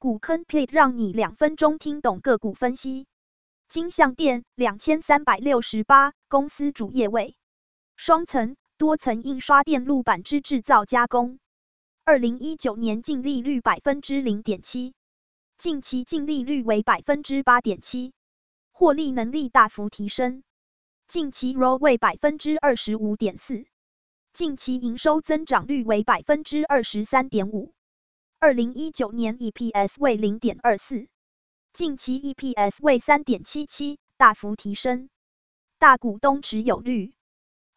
股坑 plate 讓你兩分鐘聽懂個股分析。金像電兩千三百六十八，68，公司主業為雙層、多層印刷電路板之制造加工。二零一九年淨利率百分之零點七，近期淨利率為百分之八點七，獲利能力大幅提升。近期 ROE 為百分之二十五點四，近期營收增長率為百分之二十三點五。二零一九年 EPS 為零點二四，近期 EPS 為三點七七，大幅提升。大股東持有率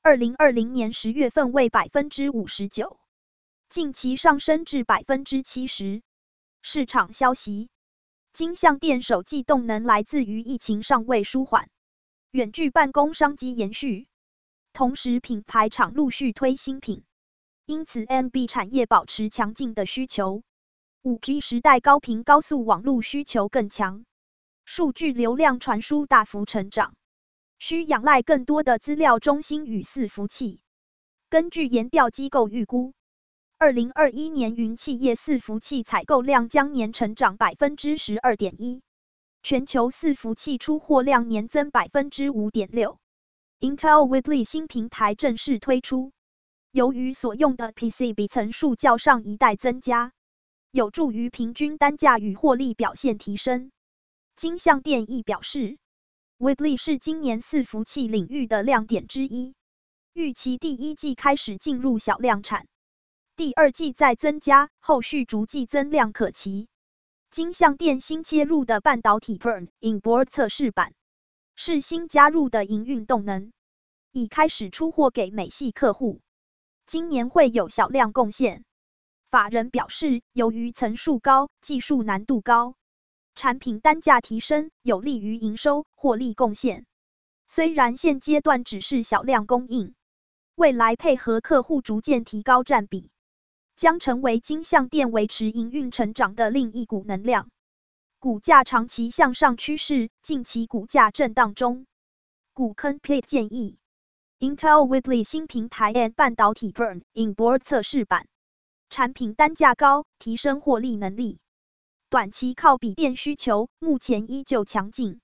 二零二零年十月份為百分之五十九，近期上升至百分之七十。市場消息：金像電首季動能來自於疫情尚未舒緩，遠距辦公商機延續，同時品牌廠陸續推新品，因此 NB 產業保持強勁的需求。5G 時代高頻高速網絡需求更強，數據流量傳輸大幅成長，需仰賴更多的資料中心與伺服器。根據研調機構預估，二零二一年雲企業伺服器採購量將年成長百分之十二點一，全球伺服器出貨量年增百分之五點六。Intel Whitley 新平台正式推出，由於所用的 PCB 層數較上一代增加。有助於平均單價與獲利表現提升。金像電亦表示，Whitley 是今年伺服器領域的亮點之一，預期第一季開始進入小量產，第二季再增加，後續逐季增量可期。金像電新切入的半導體 Burn-in Board 測試板，是新加入的營運動能，已開始出貨給美系客戶，今年會有小量貢獻。法人表示，由於層數高、技術難度高，產品單價提升有利於營收、獲利貢獻。雖然現階段只是小量供應，未來配合客戶逐漸提高占比，將成為金像電維持營運成長的另一股能量。股價長期向上趨勢，近期股價震盪中。股坑 plate 建議，Intel Whitley 新平台 and 半導體 burn in board 測試版。產品單價高，提升獲利能力。短期靠筆電需求，目前依舊強勁；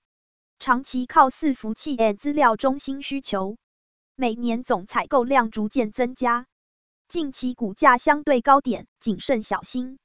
長期靠伺服器及資料中心需求，每年總採購量逐漸增加。近期股價相對高點，謹慎小心。